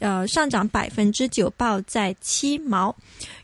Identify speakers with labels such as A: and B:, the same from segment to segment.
A: 呃，上漲百分之九，報在七毛。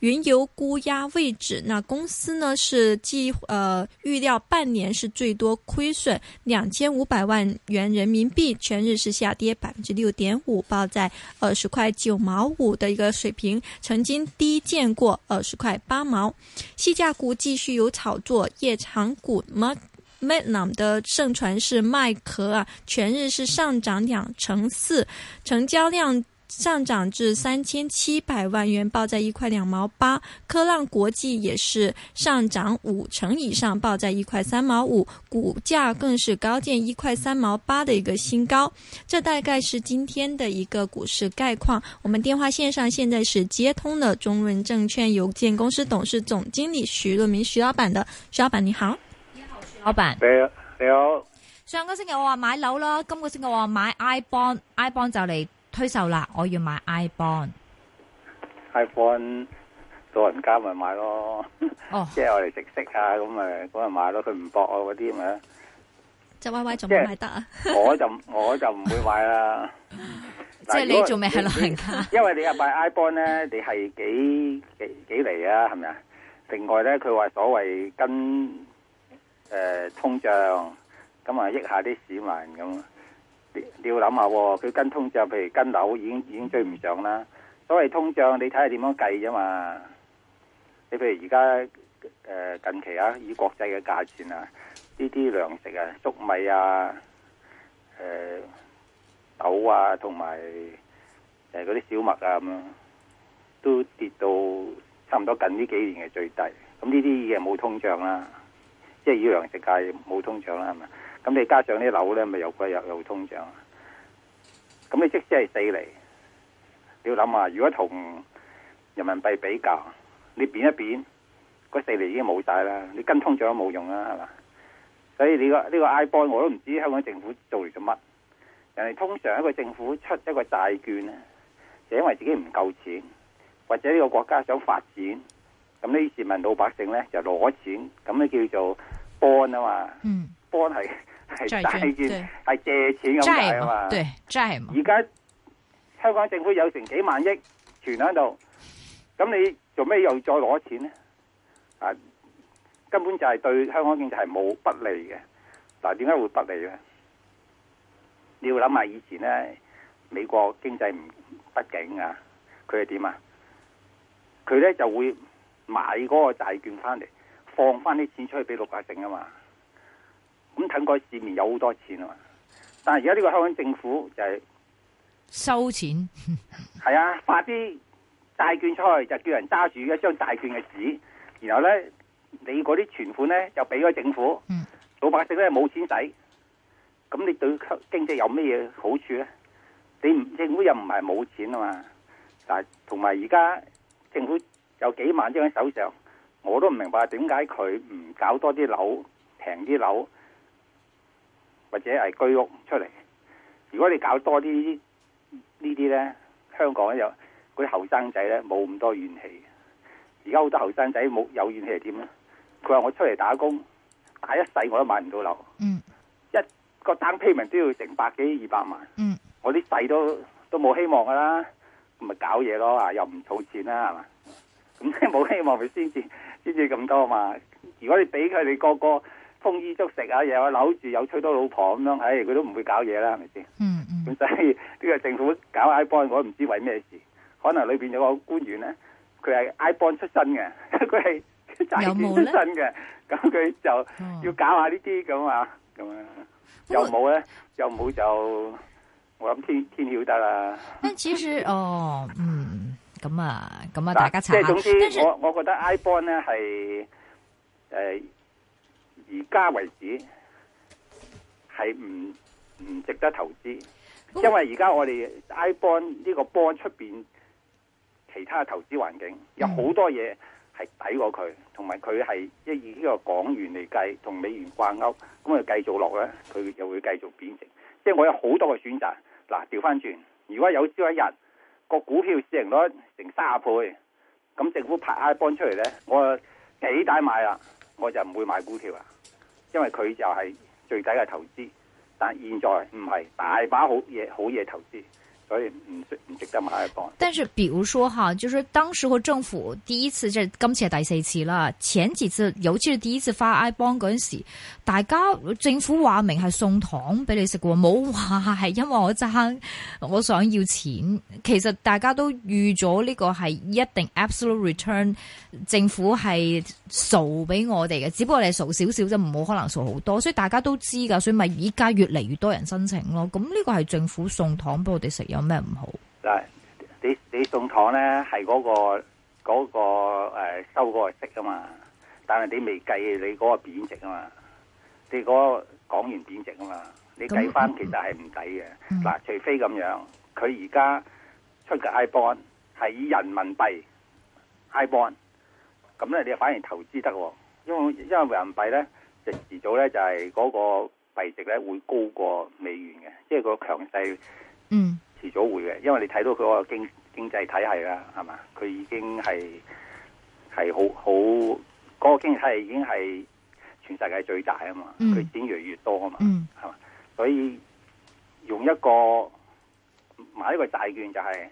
A: 原油估壓位置，那公司呢是計呃預料半年是最多虧損兩千五百萬元人民幣。全日是下跌百分之六點五，報在二十塊九毛五的一個水平，曾經低見過二十塊八毛。細價股繼續有炒作，夜長股嘛，麥朗的盛傳是賣殼啊，全日是上漲兩成四，成交量。上漲至三千七百萬元，報在一塊兩毛八。科浪國際也是上漲五成以上，報在一塊三毛五，股價更是高見一塊三毛八的一個新高。這大概是今天的一個股市概況。我們電話綫上現在是接通了中潤證券有限公司董事總經理徐潤民徐老闆的。徐老闆你好，你好徐老
B: 闆，你好。上個星期我話買樓了，今個星期我話買 i bond，i bond 就嚟。推售啦！我要買 iBond。
C: iBond 老人家咪買咯，即係我哋食息啊咁啊，咁咪買咯，佢唔搏啊嗰啲咪。即係 Y Y
A: 仲唔買得啊？我
C: 就我就唔會買啦。
B: 即係你仲未係老人
C: 家？因為你呀買 iBond 咧，你係幾幾幾嚟啊？係咪啊？另外咧，佢話所謂跟誒通脹，咁啊益下啲市民咁。你要諗下，佢跟通脹，譬如跟樓已經已經追唔上啦。所謂通脹，你睇下點樣計啫嘛。你譬如而家誒近期啊，以國際嘅價錢啊，呢啲糧食啊，粟米啊，誒、呃、豆啊，同埋誒嗰啲小麥啊咁樣，都跌到差唔多近呢幾年嘅最低。咁呢啲嘢冇通脹啦，即係以糧食界冇通脹啦，係咪？咁你加上啲樓咧，咪又貴又又通脹？咁你即使係四厘，你要諗下如果同人民幣比較，你變一變，嗰四厘已經冇晒啦，你跟通脹都冇用啦係嘛？所以呢個呢個 I bond 我都唔知香港政府做嚟做乜。人哋通常一個政府出一個債券咧，就因為自己唔夠錢，或者呢個國家想發展，咁呢啲市民老百姓咧就攞錢，咁你叫做幫啊嘛，幫係、嗯。係債券，係對借錢咁解啊嘛？
B: 債嘛，而
C: 家香港政府有成幾萬億存喺度，咁你做咩又再攞錢咧？啊，根本就係對香港經濟係冇不利嘅。嗱、啊，點解會不利咧？你要諗下以前咧，美國經濟唔不景啊，佢係點啊？佢咧就會買嗰個債券翻嚟，放翻啲錢出去俾老百姓啊嘛。咁等個市面有好多錢啊嘛。但係而家呢個香港政府就係、是、收錢，係 啊發啲債券出去就叫人揸住一張債券嘅紙，然後咧你嗰啲存款咧就俾咗政府，老百姓咧冇錢使，咁你對經濟有咩嘢好處咧？你唔政府又唔係冇錢啊嘛！但係同埋而家政府有幾萬張喺手上，我都唔明白點解佢唔搞多啲樓平啲樓。或者係居屋出嚟，如果你搞多啲呢啲咧，香港有嗰啲後生仔咧冇咁多怨氣。而家好多後生仔冇有怨氣係點咧？佢話我出嚟打工打一世我都買唔到樓。嗯，一個 down payment 都要成百幾二百萬。嗯，我啲仔都都冇希望噶啦，咪搞嘢咯啊！又唔儲錢啦係嘛？咁即係冇希望佢先至先至咁多嘛？如果你俾佢哋個個。豐衣足食啊，又有扭住，有娶到老婆咁樣，唉、哎，佢都唔會搞嘢啦，係咪先？嗯嗯。咁所以呢個政府搞 iBond，n 我都唔知為咩事，可能裏邊有個官員咧，佢係 iBond n 出身嘅，佢係債券出身嘅，咁佢就要搞下、嗯、呢啲咁啊，咁啊、嗯。又有冇咧？有冇就我諗天天曉得啦。
B: 但其實，哦，嗯，咁啊，咁啊， 大家即係總之，是我
C: 我覺得 iBond n 咧係誒。而家為止係唔唔值得投資，
A: 因為而家
C: 我哋 I bond 呢個 bond 出邊，其他投資環境有好多嘢係抵過佢，同埋佢係即係以呢個港元嚟計，同美元掛鈎，咁佢繼續落咧，佢就會繼續貶值。即係我有好多嘅選擇，嗱調翻轉，如果有朝一日個股票市盈率成三十倍，咁政府派 I bond 出嚟咧，我幾大買啊，我就唔會買股票啊。因為佢就係最低嘅投資，但現在唔係大把好嘢，好嘢投資。所以唔唔值得買 iBond。
B: 但是，比如說哈，就是當時個政府第一次，即係今次係第四次啦。前幾次，尤其是第一次發 iBond 嗰陣時候，大家政府話明係送糖俾你食，冇話係因為我爭我想要錢。其實大家都預咗呢個係一定 absolute return，政府係數俾我哋嘅，只不過你係數少少啫，唔好可能數好多。所以大家都知噶，所以咪依家越嚟越多人申請咯。咁呢個係政府送糖俾我哋食。有咩唔好
C: 嗱？你你送糖咧係嗰個嗰、嗰個誒、呃、收個息啊嘛，但係你未計你嗰個貶值啊嘛，你嗰、嗰個港元貶值啊嘛，你計翻其實係唔抵嘅嗱。除非咁樣，佢而家出嘅 I bond 係以人民幣 I bond，咁咧你反而投資得、哦，因為因為人民幣咧，遲早咧就係嗰個幣值咧會高過美元嘅，即、就、係、是、個強勢。嗯。遲早會嘅，因為你睇到佢嗰個經經濟體系啦，係嘛，佢已經係係好好個經濟體系已經係全世界最大啊嘛，佢錢越嚟越多啊嘛，係嘛，所以用一個買一個債券就係、是，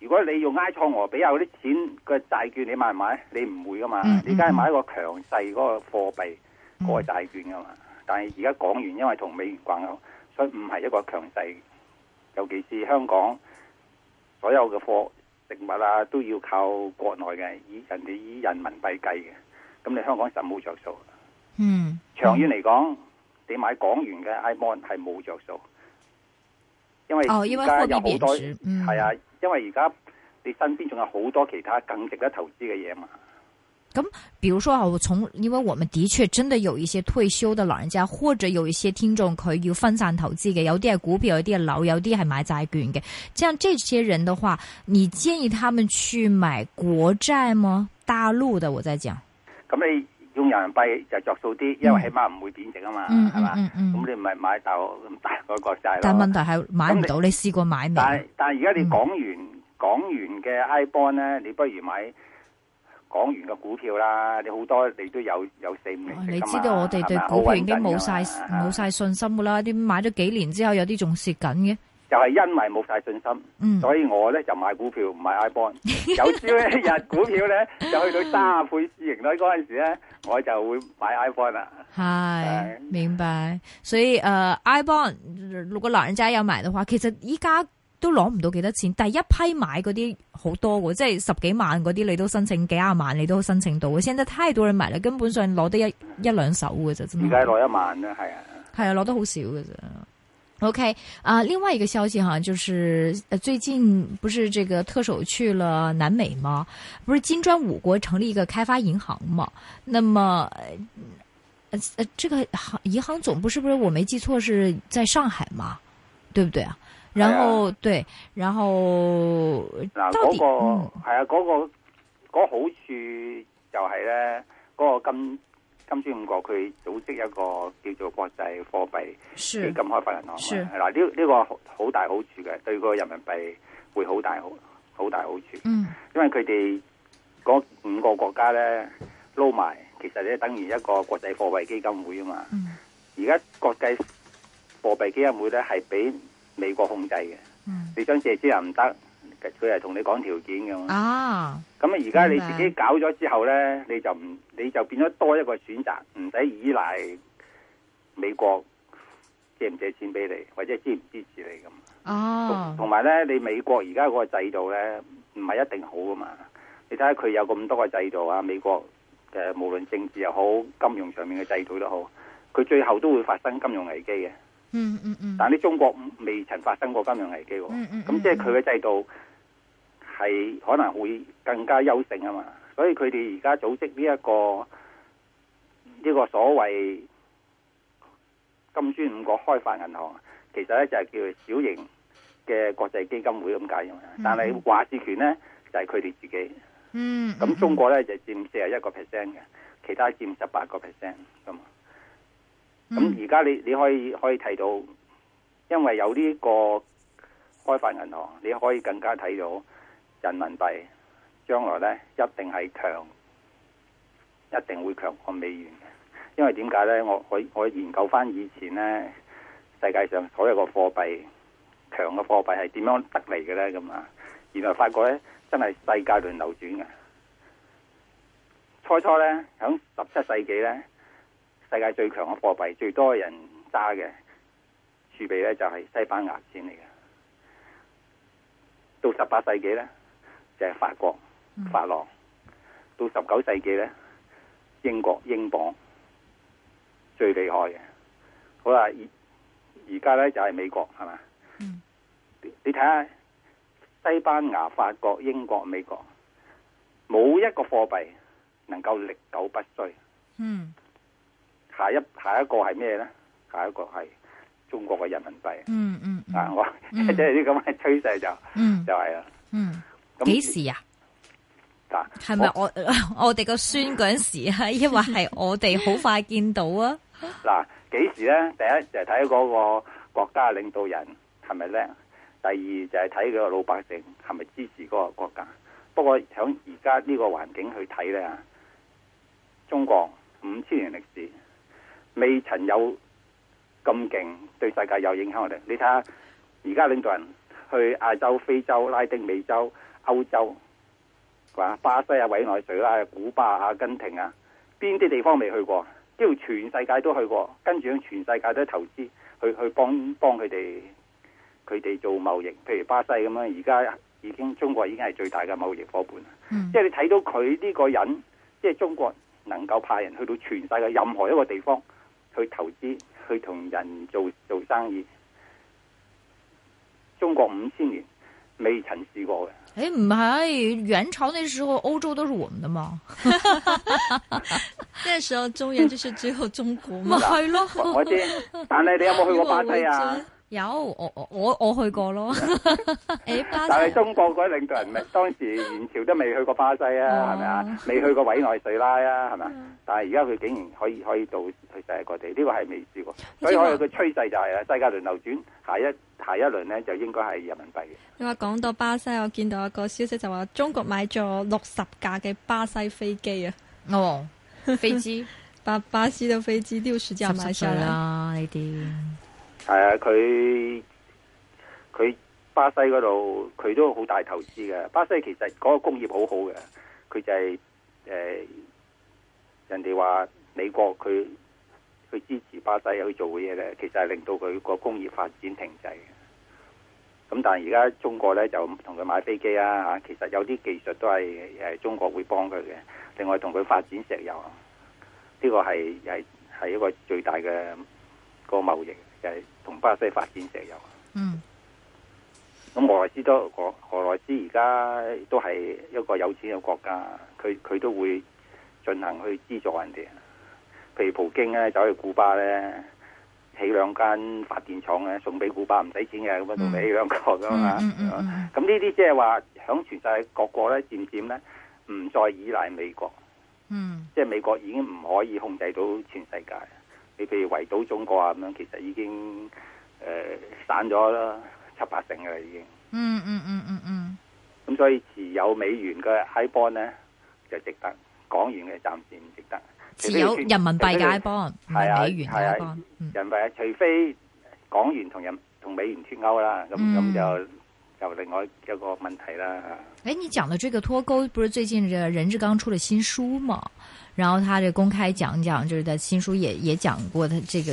C: 如果你用埃塞俄比亞啲錢個債券你買唔買？你唔會噶嘛，你梗係買一個強勢嗰個貨幣、嗰個債券噶嘛，但係而家港元因為同美元掛鈎，所以唔係一個強勢的。尤其是香港所有嘅貨物食物啊，都要靠國內嘅，以人哋以人民幣計嘅，咁你香港就冇着數。嗯，
D: 長遠嚟
C: 講，嗯、你買港元嘅 iBond 係冇着數，因為而家有好多，係、哦嗯、啊，因為而家你身邊仲有好多其他更值得投資嘅嘢嘛。
B: 咁、嗯，比如說啊，我從，因為我們的確真的有一些退休的老人家，或者有一些聽眾佢要分散投資嘅，有啲係股票，有啲係樓，有啲係買債券嘅。咁這，這些人的話，你建議他們去買國債嗎？大陸的，我再講。
C: 咁你用人民幣就着數啲，因為起碼唔會貶值啊嘛，係、嗯、嘛？咁你唔係買到咁大個國債啦。嗯、但問題係買唔到，你，你
B: 試過買未？但係
C: 但係而家你完、嗯、港元港元嘅 I bond 咧，你不如買。講完個股票啦，你好多你都有有四五年。你知道我哋對股票已經冇晒
B: 冇晒信心噶啦，啲買咗幾年之後，有啲仲蝕緊嘅。就係
C: 因為冇晒信心，所以我咧就買股票唔買 iBond。有朝一日股票咧就去到三啊倍市盈率嗰陣時咧，我就會買 iBond 啦。
B: 係，明白。所以誒，iBond 如果老人家要買嘅話，其實依家。都攞唔到幾多錢，第一批買嗰啲好多喎，即係十幾萬嗰啲，你都申請幾廿萬，你都申請到，現在太多人買啦，根本上攞得一一兩手嘅啫，點解攞一萬呢？係啊，係啊，攞得好少嘅啫。OK，啊、呃，另外一個消息吓，就是、呃、最近不是這個特首去了南美嗎？不是金磚五國成立一個開發銀行嗎？那麼，誒、呃，這個行銀行總部是不是我沒記錯是在上海嘛？對不對啊？然後、啊、對，然後嗱底、那個
C: 係、嗯、啊、那個那個好處就係咧，嗰、那個金金磚五國佢組織一個叫做國際貨幣基金開發銀行，係嗱呢呢個、這個、好、好大好處嘅，對個人民幣會好大好好大好處。嗯，因為佢哋嗰五個國家咧撈埋，其實咧等於一個國際貨幣基金會啊嘛。
D: 嗯，
C: 而家國際貨幣基金會咧係俾。美國控制嘅，嗯、你想借錢又唔得，佢係同你講條件嘅嘛。
D: 咁啊，而家你自己
C: 搞咗之後咧，你就唔，你就變咗多一個選擇，唔使依賴美國借唔借錢俾你，或者支唔支持你咁。哦、
D: 啊，同
C: 埋咧，你美國而家嗰個制度咧，唔係一定好噶嘛。你睇下佢有咁多個制度啊，美國誒，無論政治又好，金融上面嘅制度都好，佢最後都會發生金融危機嘅。嗯嗯嗯，但係啲中國未曾發生過金融危機，
D: 咁即係佢嘅
C: 制度係可能會更加優勝啊嘛，所以佢哋而家組織呢一個呢個所謂金磚五國開發銀行，其實咧就係叫做小型嘅國際基金會咁解用，但係話事權咧就係佢哋自己，
D: 咁
C: 中國咧就佔四十一個 percent 嘅，其他佔十八個 percent 咁。咁而家你你可以可以睇到，因為有呢個開發銀行，你可以更加睇到人民幣將來咧一定係強，一定會強過美元。因為點解咧？我我我研究翻以前咧，世界上所有嘅貨幣強嘅貨幣係點樣得嚟嘅咧？咁啊，原來發覺咧真係世界輪流轉嘅。初初咧響十七世紀咧。世界最強嘅貨幣，最多人揸嘅儲備咧就係、是、西班牙錢嚟嘅，到十八世紀咧就係、是、法國法郎，到十九世紀咧英國英鎊最厲害嘅。好啦，而而家咧就係、是、美國，係嘛？嗯，你睇下西班牙、法國、英國、美國，冇一個貨幣能夠歷久不衰。嗯。下一下一個係咩咧？下一個係中國嘅人民幣。嗯嗯，嗱我即係啲咁嘅趨勢就就係啦。嗯，幾時啊？
B: 嗱，係咪我我哋個孫嗰陣時啊？抑或係我哋好 快見到啊？
C: 嗱、啊，幾時咧？第一就係睇嗰個國家領導人係咪叻？第二就係、係、睇個老百姓係咪支持嗰個國家？不過響而家呢個環境去睇咧，中國五千年歷史。未曾有咁勁，對世界有影響力。你睇下，而家領導人去亞洲、非洲、拉丁美洲、歐洲，係嘛？巴西啊、委內瑞拉、古巴、阿根廷啊，邊啲地方未去過？幾乎全世界都去過，跟住全世界都投資去去幫幫佢哋，佢哋做貿易。譬如巴西咁樣，而家已經中國已經係最大嘅貿易夥伴。嗯，即係你睇到佢呢個人，即係中國能夠派人去到全世界任何一個地方。去投資，去同人做做生意，中國五千年未曾試過
B: 嘅。誒，唔係元朝那時候歐洲都是我們的嘛。那時候中原就是只有中國。唔係咯，我知，但係你有冇去過巴西啊？有我我我我去過咯，
C: 但係中國嗰啲領導人咪當時元朝都未去過巴西啊，係咪啊？未去過委內瑞拉是啊，係咪？但係而家佢竟然可以可以到去世界各地，呢、這個係未試過，所以我哋個趨勢就係、是、啦，世界輪流轉，下一下一輪咧就應該係人民幣。
A: 你話講到巴西，我見到一個消息就話中國買咗六十架嘅巴西飛機啊，哦，飛機， 巴巴西嘅飛機六十架買晒啦呢啲。
C: 係啊，佢佢巴西嗰度佢都好大投資嘅。巴西其實嗰個工業好好嘅，佢就係誒人哋話美國佢去支持巴西去做嘅嘢咧，其實係令到佢個工業發展停滯嘅。咁但係而家中國咧就同佢買飛機啊吓，其實有啲技術都係誒中國會幫佢嘅。另外同佢發展石油，呢個係係係一個最大嘅個貿易誒。就係同巴西發展
D: 石
C: 油。嗯。咁俄羅斯都俄俄羅斯而家都係一個有錢嘅國家，佢佢都會進行去資助人哋。譬如普京咧走去古巴咧，起兩間發電廠咧送俾古巴唔使錢嘅咁、嗯、樣做俾呢兩個噶嘛。咁呢啲即係話響全世界各國咧漸漸咧唔再依賴美國。嗯。即係美國已經唔可以控制到全世界。譬如圍堵中國啊咁樣，其實已經誒、呃、散咗啦，七八成噶啦已經。嗯
D: 嗯嗯嗯嗯。咁、
C: 嗯嗯嗯嗯、所以持有美元嘅 high 波咧就值得，港元嘅暫時唔值得。持有人民幣嘅 high 波得，唔係美元 high 人民、啊嗯、人幣，除非港元同人同美元脱鈎啦，咁咁、嗯、就就另外一個問題啦。
B: 誒，你講到這個脱鈎，不是最近這人質剛出了新書嗎？然後他這公開講講，就是他新書也也講過他這個。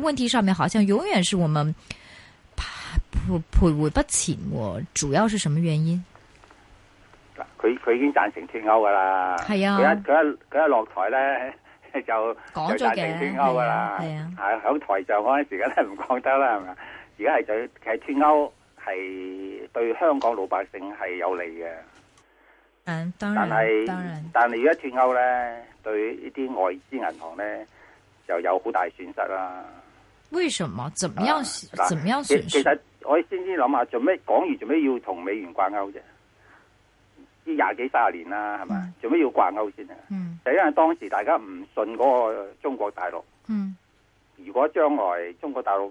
B: 問題上面好像永遠是我們徘徊不前喎，主要是什麼原因？
C: 佢佢已經贊成脫歐噶啦，係啊，佢一佢一佢一落台咧 就講咗嘅脫歐噶啦，係啊，喺、啊、台上嗰陣時間咧唔講得啦，係嘛，而家係最其實脫歐係對香港老百姓係有利嘅，嗯，當
B: 然，但係是然
C: 但係如果脫歐咧，對呢啲外資銀行咧就有好大損失啦。
B: 為什麼？怎麼樣？啊、怎麼樣損失？其實
C: 我先先諗下，做咩港元做咩要同美元掛鈎啫？呢廿幾卅年啦，係嘛？做咩、嗯、要掛鈎先啊？就、嗯、因為當時大家唔信嗰個中國大陸。嗯。如果將來中國大陸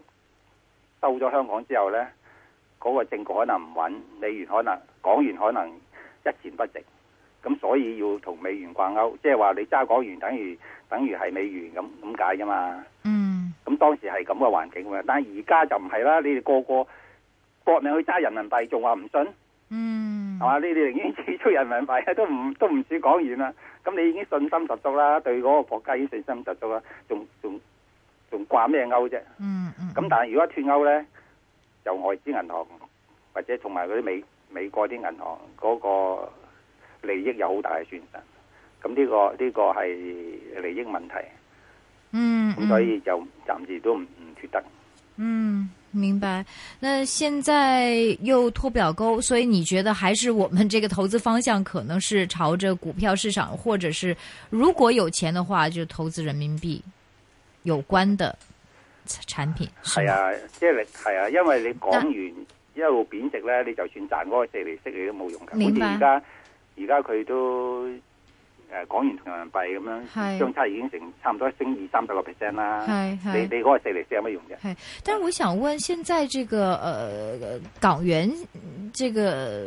C: 收咗香港之後咧，嗰、那個政局可能唔穩，美元可能港元可能一錢不值，咁所以要同美元掛鈎，即係話你揸港元等於等於係美元咁咁解噶嘛？嗯。當時係咁嘅環境嘛，但係而家就唔係啦。你哋個個搏命去揸人民幣，仲話唔信？嗯，係嘛？你哋寧願寄出人民幣都唔都唔算講完啦。咁你已經信心十足啦，對嗰個國家已經信心十足啦，仲仲仲掛咩勾啫、嗯？嗯，咁但係如果一脫勾咧，就外資銀行或者同埋嗰啲美美國啲銀行嗰個利益有好大嘅損失。咁呢個呢個係利益問題。嗯。咁所以就暫時都唔唔覺得。嗯，
B: 明白。那現在又脫不了鈎，所以你覺得還是我們這個投資方向可能是朝着股票市場，或者是如果有錢的話就投資人民幣有關的產品。係啊，
C: 即係係啊，因為你講完一路貶值咧，你就算賺嗰個息息息你都冇用噶。明白。而家而家佢都。誒，港元同人民幣咁樣相差已經成是差唔多升二三十個 percent 啦。係係，是你是你嗰是個四厘四有
B: 乜用嘅？但係我想問，現在這個誒、呃、港元，這個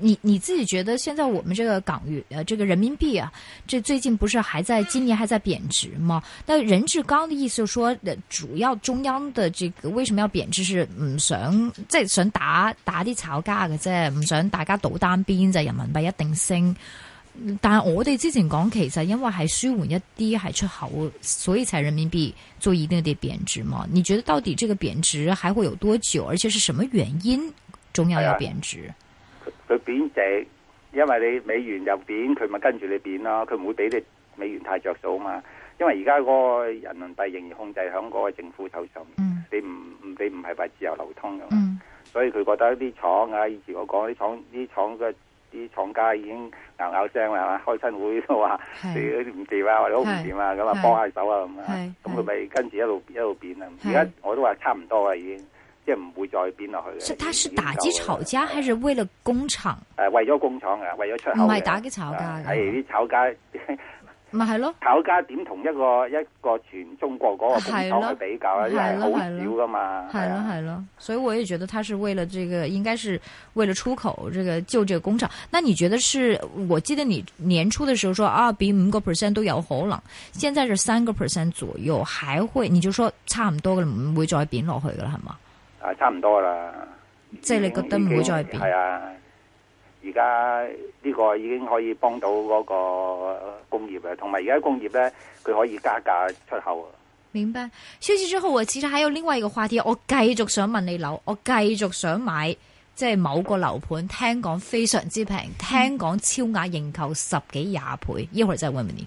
B: 你你自己覺得，現在我們這個港元誒這個人民幣啊，這最近不是還在今年還在貶值嗎？但人任志剛的意思就說，主要中央的這個為什麼要貶值是，是唔想即係想打打啲炒家嘅啫，唔想大家賭單邊就係人民幣一定升。但係我哋之前講，其實因為係舒緩一啲係出口，所以才人民幣做一定啲貶值嘛。你覺得到底這個貶值還會有多久？而且是什麼原因中央要貶值？
C: 佢貶、啊、值，因為你美元又貶，佢咪跟住你貶咯。佢唔會俾你美元太着數啊嘛。因為而家嗰個人民幣仍然控制喺嗰個政府手上，嗯，你唔唔，你唔係話自由流通噶嘛。
D: 嗯、
C: 所以佢覺得啲廠啊，以前我講啲廠，啲廠嘅。啲廠家已經拗拗聲啦，係嘛？開親會都話你唔掂啊，或者好唔掂啊，咁啊是幫下手啊咁啊，咁佢咪跟住一路是一路變啦。而家是我都話差唔多啦，已經即係唔會再變落去嘅。是他是打擊炒
B: 家，還是為了工廠？
C: 誒，為咗工廠啊，為咗出口。唔係打擊炒家㗎，係啲、哎、炒家。 咪係咯，炒家點同一個一個全中國嗰個出口去比較咧？因為好少噶嘛，
B: 係咯係咯。所以我也覺得他是為了這個，應該是為了出口，這個救這個工廠。那你覺得是？我記得你年初嘅時候說啊，比五個 percent 都有可能。現在是三個 percent 左右，還會你就說差唔多嘅，唔會再變落去嘅啦，係嗎？啊，差唔多啦，即係你覺得唔會再變係啊。
C: 而家呢個已經可以幫到嗰個工業嘅，同埋而家工業咧，佢可以加價出口。
B: 明白，薛志之後啊！其實仲有另外一個話題，我繼續想問你樓，我繼續想買，即係某個樓盤，聽講非常之平，聽講超額認購十幾廿倍，一會、嗯、真係問問你。